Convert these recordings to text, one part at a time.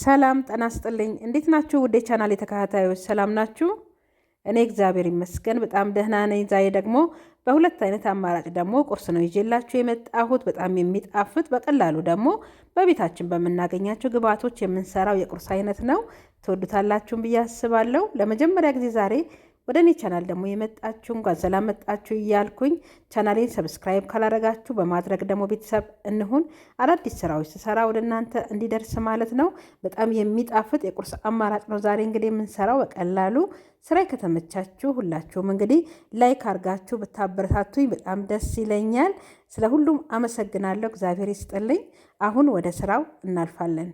ሰላም ጠናስጥልኝ እንዴት ናችሁ? ውዴ ቻናል የተከታታዮች ሰላም ናችሁ? እኔ እግዚአብሔር ይመስገን በጣም ደህና ነኝ። ዛሬ ደግሞ በሁለት አይነት አማራጭ ደግሞ ቁርስ ነው ይዤላችሁ የመጣሁት። በጣም የሚጣፍጥ በቀላሉ ደግሞ በቤታችን በምናገኛቸው ግብአቶች የምንሰራው የቁርስ አይነት ነው። ትወዱታላችሁን ብዬ አስባለሁ። ለመጀመሪያ ጊዜ ዛሬ ወደ እኔ ቻናል ደግሞ የመጣችሁ እንኳን ሰላም መጣችሁ እያልኩኝ ቻናሌን ሰብስክራይብ ካላረጋችሁ በማድረግ ደግሞ ቤተሰብ እንሁን። አዳዲስ ስራዎች ስሰራ ወደ እናንተ እንዲደርስ ማለት ነው። በጣም የሚጣፍጥ የቁርስ አማራጭ ነው። ዛሬ እንግዲህ የምንሰራው በቀላሉ ስራ ከተመቻችሁ ሁላችሁም እንግዲህ ላይክ አርጋችሁ ብታበረታቱኝ በጣም ደስ ይለኛል። ስለ ሁሉም አመሰግናለሁ። እግዚአብሔር ይስጥልኝ። አሁን ወደ ስራው እናልፋለን።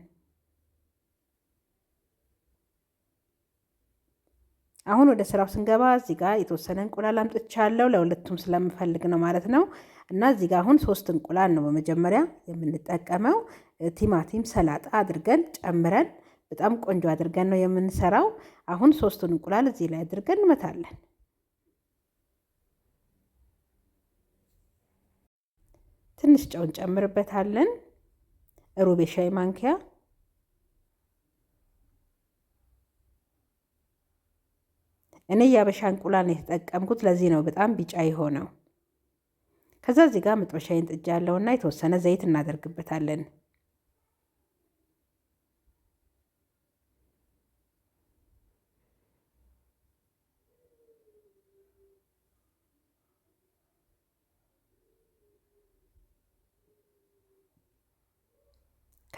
አሁን ወደ ስራው ስንገባ እዚህ ጋር የተወሰነ እንቁላል አምጥቻለሁ። ለሁለቱም ስለምፈልግ ነው ማለት ነው። እና እዚህ ጋር አሁን ሶስት እንቁላል ነው በመጀመሪያ የምንጠቀመው። ቲማቲም ሰላጣ አድርገን ጨምረን በጣም ቆንጆ አድርገን ነው የምንሰራው። አሁን ሶስቱን እንቁላል እዚህ ላይ አድርገን እንመታለን። ትንሽ ጨውን ጨምርበታለን። ሩብ የሻይ ማንኪያ እኔ የአበሻ እንቁላል የተጠቀምኩት። ለዚህ ነው በጣም ቢጫ የሆነው። ከዛ እዚህ ጋር መጥበሻዬን ጥጃ ያለውና የተወሰነ ዘይት እናደርግበታለን።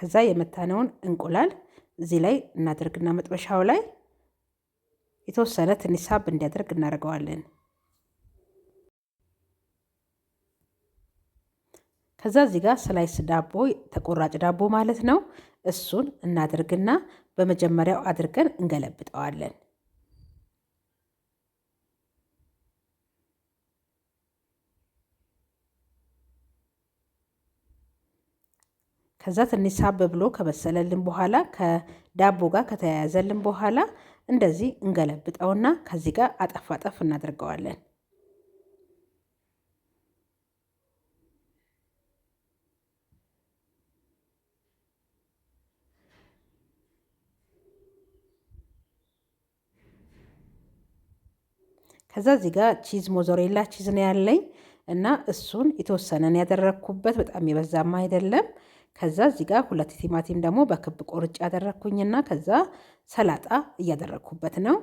ከዛ የመታነውን እንቁላል እዚህ ላይ እናደርግና መጥበሻው ላይ የተወሰነ ትንሽ ሳብ እንዲያደርግ እናደርገዋለን። ከዛ እዚህ ጋር ስላይስ ዳቦ ተቆራጭ ዳቦ ማለት ነው። እሱን እናድርግና በመጀመሪያው አድርገን እንገለብጠዋለን። ከዛ ትንሽ ሳብ ብሎ ከበሰለልን በኋላ ከዳቦ ጋር ከተያያዘልን በኋላ እንደዚህ እንገለብጠውና ከዚህ ጋር አጠፍ አጠፍ እናደርገዋለን። ከዛ እዚህ ጋር ቺዝ ሞዞሬላ ቺዝ ነው ያለኝ እና እሱን የተወሰነን ያደረግኩበት በጣም የበዛማ አይደለም። ከዛ እዚህ ጋር ሁለት ቲማቲም ደግሞ በክብ ቆርጭ ያደረግኩኝና ከዛ ሰላጣ እያደረግኩበት ነው።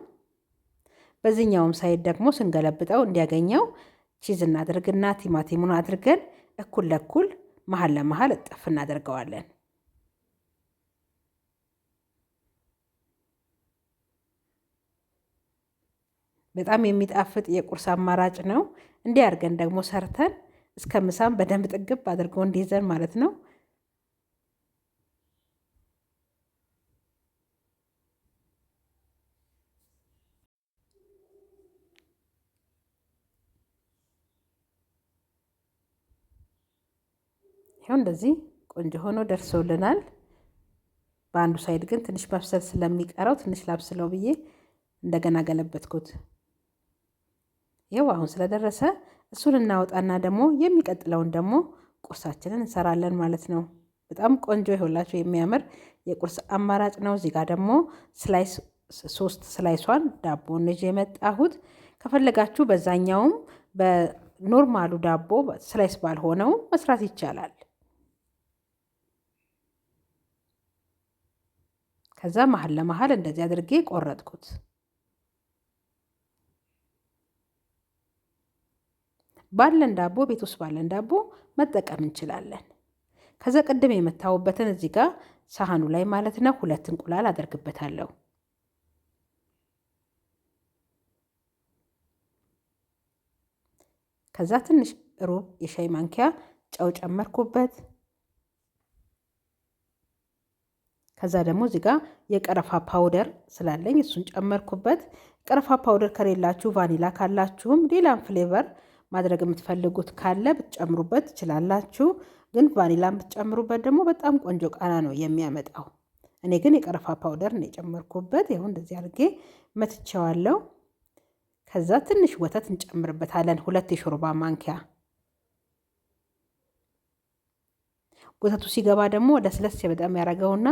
በዚህኛውም ሳይድ ደግሞ ስንገለብጠው እንዲያገኘው ቺዝ እናድርግና ቲማቲሙን አድርገን እኩል ለኩል መሀል ለመሀል እጥፍ እናደርገዋለን። በጣም የሚጣፍጥ የቁርስ አማራጭ ነው። እንዲያርገን ደግሞ ሰርተን እስከ ምሳም በደንብ ጥግብ አድርገው እንዲይዘን ማለት ነው። እንደዚህ ቆንጆ ሆኖ ደርሶልናል። በአንዱ ሳይድ ግን ትንሽ መብሰል ስለሚቀረው ትንሽ ላብስለው ብዬ እንደገና ገለበትኩት። ይኸው አሁን ስለደረሰ እሱን እናወጣና ደግሞ የሚቀጥለውን ደግሞ ቁርሳችንን እንሰራለን ማለት ነው። በጣም ቆንጆ የሆላቸው የሚያምር የቁርስ አማራጭ ነው። እዚህ ጋር ደግሞ ስላይስ ሶስት ስላይሷን ዳቦን ነጅ የመጣሁት ከፈለጋችሁ በዛኛውም በኖርማሉ ዳቦ ስላይስ ባልሆነው መስራት ይቻላል። ከዛ መሀል ለመሀል እንደዚህ አድርጌ ቆረጥኩት። ባለን ዳቦ ቤት ውስጥ ባለን ዳቦ መጠቀም እንችላለን። ከዛ ቅድም የመታውበትን እዚህ ጋር ሳህኑ ላይ ማለት ነው ሁለት እንቁላል አደርግበታለሁ። ከዛ ትንሽ ሩብ የሻይ ማንኪያ ጨው ጨመርኩበት። ከዛ ደግሞ እዚህ ጋ የቀረፋ ፓውደር ስላለኝ እሱን ጨመርኩበት። ቀረፋ ፓውደር ከሌላችሁ ቫኒላ ካላችሁም ሌላም ፍሌቨር ማድረግ የምትፈልጉት ካለ ብትጨምሩበት ትችላላችሁ። ግን ቫኒላን ብትጨምሩበት ደግሞ በጣም ቆንጆ ቃና ነው የሚያመጣው። እኔ ግን የቀረፋ ፓውደር ነው የጨመርኩበት። ይሁን እንደዚህ አድርጌ መትቸዋለሁ። ከዛ ትንሽ ወተት እንጨምርበታለን፣ ሁለት የሾርባ ማንኪያ ወተቱ ሲገባ ደግሞ ለስለስ በጣም ያደረገውና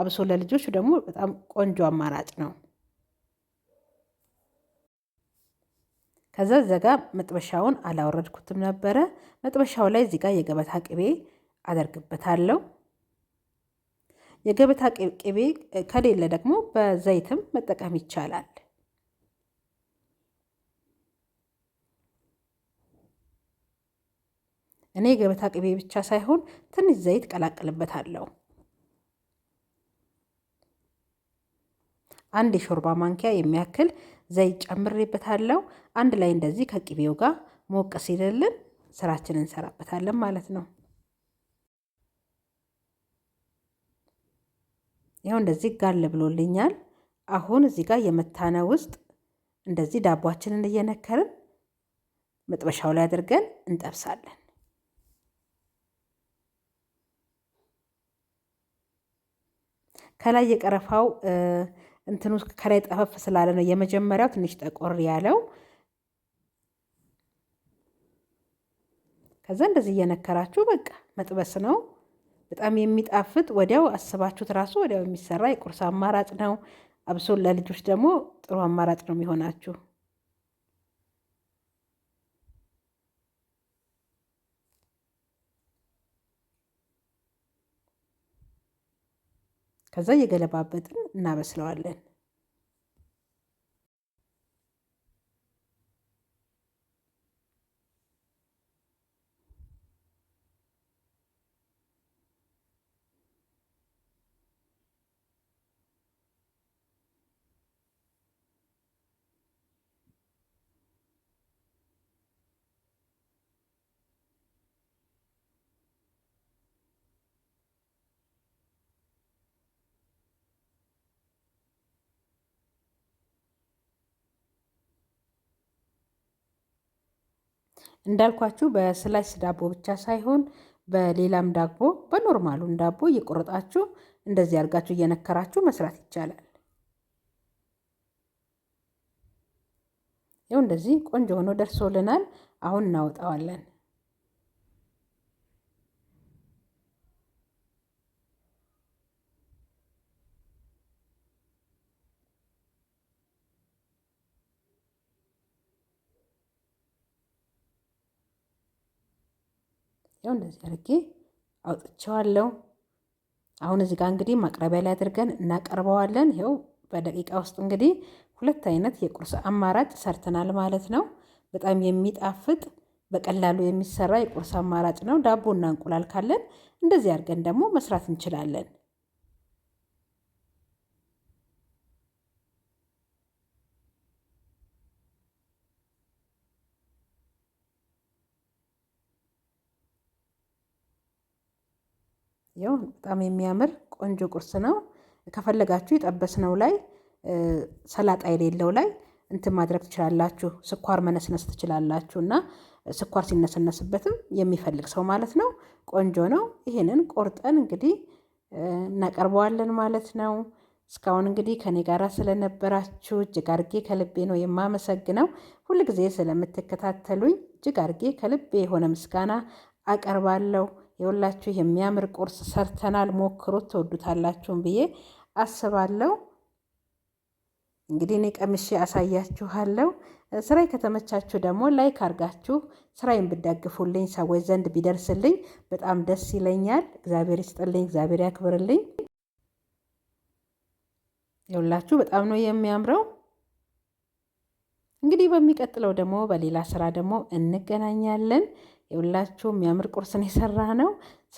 አብሶ ለልጆች ደግሞ በጣም ቆንጆ አማራጭ ነው። ከዛ ዘጋ መጥበሻውን አላወረድኩትም ነበረ። መጥበሻው ላይ እዚጋ የገበታ ቅቤ አደርግበታለሁ። የገበታ ቅቤ ከሌለ ደግሞ በዘይትም መጠቀም ይቻላል። እኔ የገበታ ቅቤ ብቻ ሳይሆን ትንሽ ዘይት ቀላቅልበታለሁ። አንድ የሾርባ ማንኪያ የሚያክል ዘይት ጨምሬበታለሁ። አንድ ላይ እንደዚህ ከቅቤው ጋር ሞቅ ሲልልን ስራችንን እንሰራበታለን ማለት ነው። ይኸው እንደዚህ ጋል ብሎልኛል። አሁን እዚህ ጋር የመታነ ውስጥ እንደዚህ ዳቧችንን እየነከርን መጥበሻው ላይ አድርገን እንጠብሳለን። ከላይ የቀረፋው እንትኑ ከላይ ጠፈፍ ስላለ ነው የመጀመሪያው ትንሽ ጠቆር ያለው። ከዛ እንደዚህ እየነከራችሁ በቃ መጥበስ ነው። በጣም የሚጣፍጥ ወዲያው አስባችሁት ራሱ ወዲያው የሚሰራ የቁርስ አማራጭ ነው። አብሶ ለልጆች ደግሞ ጥሩ አማራጭ ነው የሚሆናችሁ። ከዛ እየገለባበጥን እናበስለዋለን። እንዳልኳችሁ በስላይስ ዳቦ ብቻ ሳይሆን በሌላም ዳቦ በኖርማሉም ዳቦ እየቆረጣችሁ እንደዚህ አድርጋችሁ እየነከራችሁ መስራት ይቻላል። ይኸው እንደዚህ ቆንጆ ሆኖ ደርሶልናል። አሁን እናወጣዋለን። ያው እንደዚህ አድርጌ አውጥቼዋለሁ። አሁን እዚህ ጋር እንግዲህ ማቅረቢያ ላይ አድርገን እናቀርበዋለን። ይኸው በደቂቃ ውስጥ እንግዲህ ሁለት አይነት የቁርስ አማራጭ ሰርተናል ማለት ነው። በጣም የሚጣፍጥ በቀላሉ የሚሰራ የቁርስ አማራጭ ነው። እና እንቁላል ካለን እንደዚህ አድርገን ደግሞ መስራት እንችላለን። ያው በጣም የሚያምር ቆንጆ ቁርስ ነው። ከፈለጋችሁ የጠበስነው ላይ ሰላጣ የሌለው ላይ እንትን ማድረግ ትችላላችሁ። ስኳር መነስነስ ትችላላችሁ እና ስኳር ሲነሰነስበትም የሚፈልግ ሰው ማለት ነው። ቆንጆ ነው። ይህንን ቆርጠን እንግዲህ እናቀርበዋለን ማለት ነው። እስካሁን እንግዲህ ከኔ ጋር ስለነበራችሁ እጅግ አርጌ ከልቤ ነው የማመሰግነው። ሁልጊዜ ስለምትከታተሉኝ እጅግ አርጌ ከልቤ የሆነ ምስጋና አቀርባለሁ። የሁላችሁ የሚያምር ቁርስ ሰርተናል። ሞክሩት፣ ትወዱታላችሁን ብዬ አስባለሁ። እንግዲህ እኔ ቀምሼ አሳያችኋለሁ። ስራዬ ከተመቻችሁ ደግሞ ላይክ አርጋችሁ ስራይን ብዳግፉልኝ ሰዎች ዘንድ ቢደርስልኝ በጣም ደስ ይለኛል። እግዚአብሔር ይስጥልኝ፣ እግዚአብሔር ያክብርልኝ። የሁላችሁ በጣም ነው የሚያምረው። እንግዲህ በሚቀጥለው ደግሞ በሌላ ስራ ደግሞ እንገናኛለን። የሁላችሁ የሚያምር ቁርስን የሰራ ነው።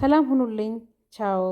ሰላም ሁኑልኝ። ቻው